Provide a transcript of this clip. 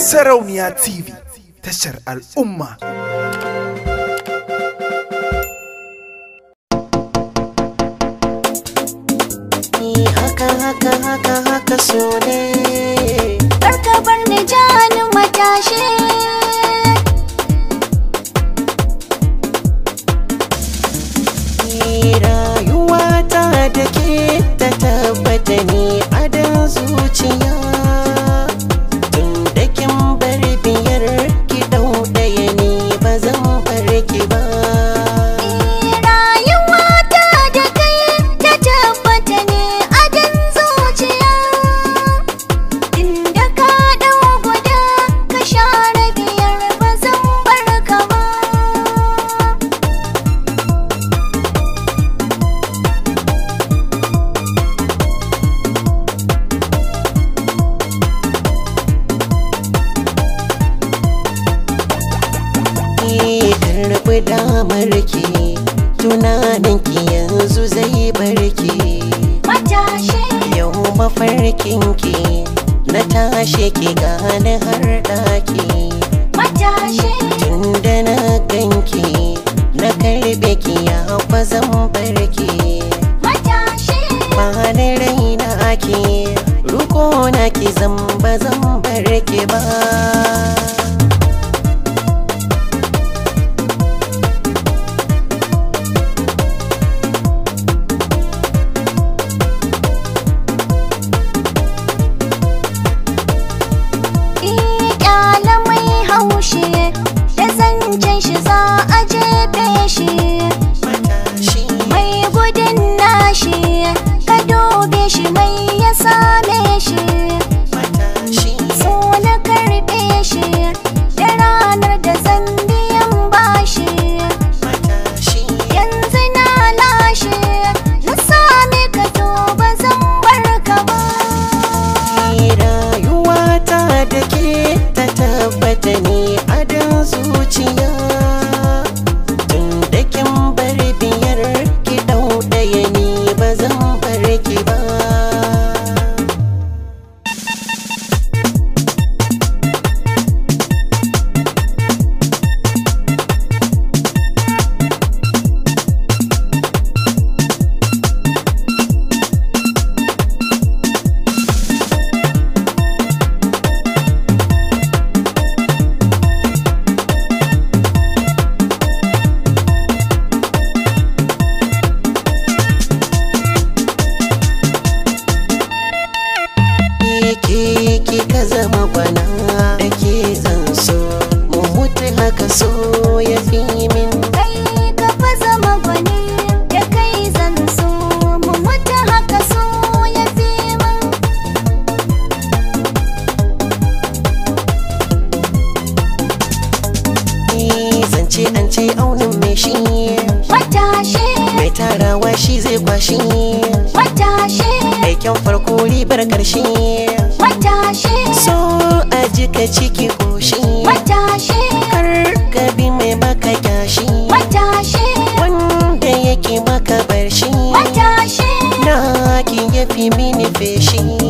Sarauniya TV tashar al'umma. Haka haka haka haka so ne. Barka bar ni jani matashi. barki tunaninki yanzu zai barki yau mafarkin ki na tashi ki gane har ɗaki tun da na ganki na karbe ki ya zan barki ba na raina ki ruko na ki zamba zan barki ba special shi zai kwashi matashi aikin farko ribar karshe matashi so a jika ciki koshi matashi kar ka bi mai baka kyashi matashi wanda yake baka barshi matashi na ki yafi mini feshi